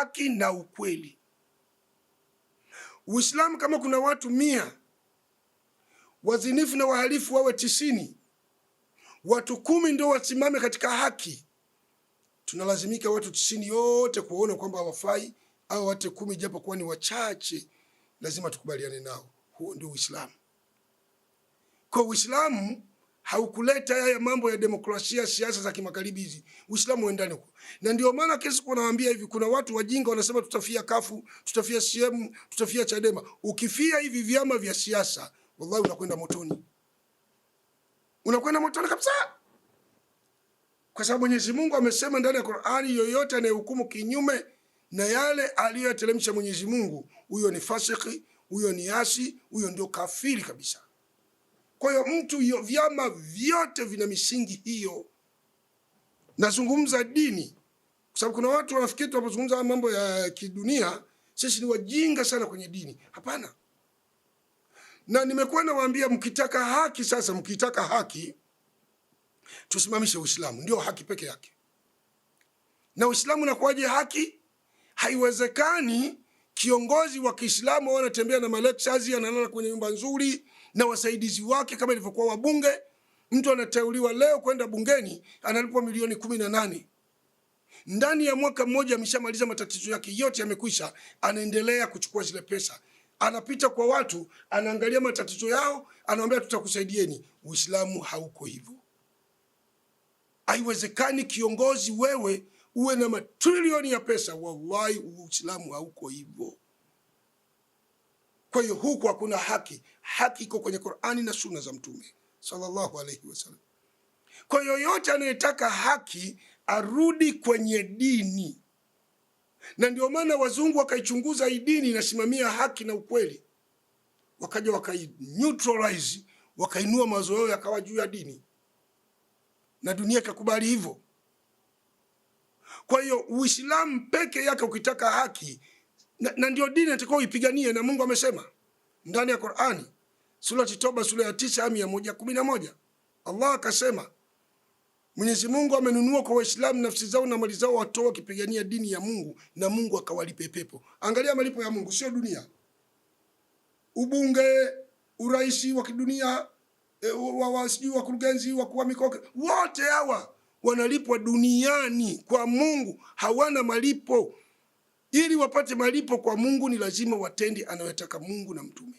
haki na ukweli. Uislamu kama kuna watu mia wazinifu na wahalifu wawe tisini, watu kumi ndio wasimame katika haki, tunalazimika watu tisini yote kuona kwamba hawafai au watu kumi japo kuwa ni wachache, lazima tukubaliane nao. Huo ndio Uislamu. Kwa Uislamu haukuleta haya mambo ya demokrasia, siasa za kimagharibi hizi. Uislamu uendane huko, na ndio maana kesi kunawaambia hivi, kuna watu wajinga wanasema tutafia kafu, tutafia CCM, tutafia Chadema. Ukifia hivi vyama vya siasa, wallahi unakwenda motoni, unakwenda motoni kabisa, kwa sababu Mwenyezi Mungu amesema ndani ya Qur'ani, yoyote anayehukumu kinyume na yale aliyoyateremsha Mwenyezi Mungu, huyo ni fasiki, huyo ni asi, huyo ndio kafiri kabisa. Kwa hiyo mtu hiyo, vyama vyote vina misingi hiyo. Nazungumza dini kwa sababu kuna watu wanafikiri tunapozungumza mambo ya kidunia sisi ni wajinga sana kwenye dini. Hapana, na nimekuwa nawaambia, mkitaka haki sasa, mkitaka haki tusimamishe Uislamu, ndio haki peke yake. Na Uislamu unakuwaje haki? Haiwezekani kiongozi wa Kiislamu anatembea na malectures, analala kwenye nyumba nzuri na wasaidizi wake kama ilivyokuwa wabunge. Mtu anateuliwa leo kwenda bungeni analipwa milioni kumi na nane ndani ya mwaka mmoja ameshamaliza matatizo yake yote, yamekwisha. Anaendelea kuchukua zile pesa, anapita kwa watu, anaangalia matatizo yao, anawambia tutakusaidieni. Uislamu hauko hivyo, haiwezekani. Kiongozi wewe uwe na matrilioni ya pesa. Wallahi, Uislamu hauko hivyo. Kwa hiyo huku hakuna haki. Haki iko kwenye Qur'ani na Sunna za Mtume sallallahu alaihi wasallam. Kwa yoyote anayetaka haki arudi kwenye dini, na ndio maana wazungu wakaichunguza hii dini inasimamia haki na ukweli, wakaja wakai-neutralize, wakainua mawazo yao yakawa juu ya dini, na dunia ikakubali hivyo. Kwa hiyo Uislamu peke yake ukitaka haki na, na ndio dini atakiwa uipiganie, na Mungu amesema ndani ya Qur'ani surati Toba sura ya tisa aya ya moja kumi na moja Allah akasema Mwenyezi Mungu amenunua kwa Waislamu nafsi zao na mali zao watoa wakipigania dini ya Mungu na Mungu akawalipe pepo. Angalia malipo ya Mungu sio dunia. Ubunge, uraisi wa kidunia, e, wa sijui wakurugenzi wa kuwa mikoa wote hawa wanalipwa duniani kwa Mungu hawana malipo. Ili wapate malipo kwa Mungu, ni lazima watende anayotaka Mungu na mtume.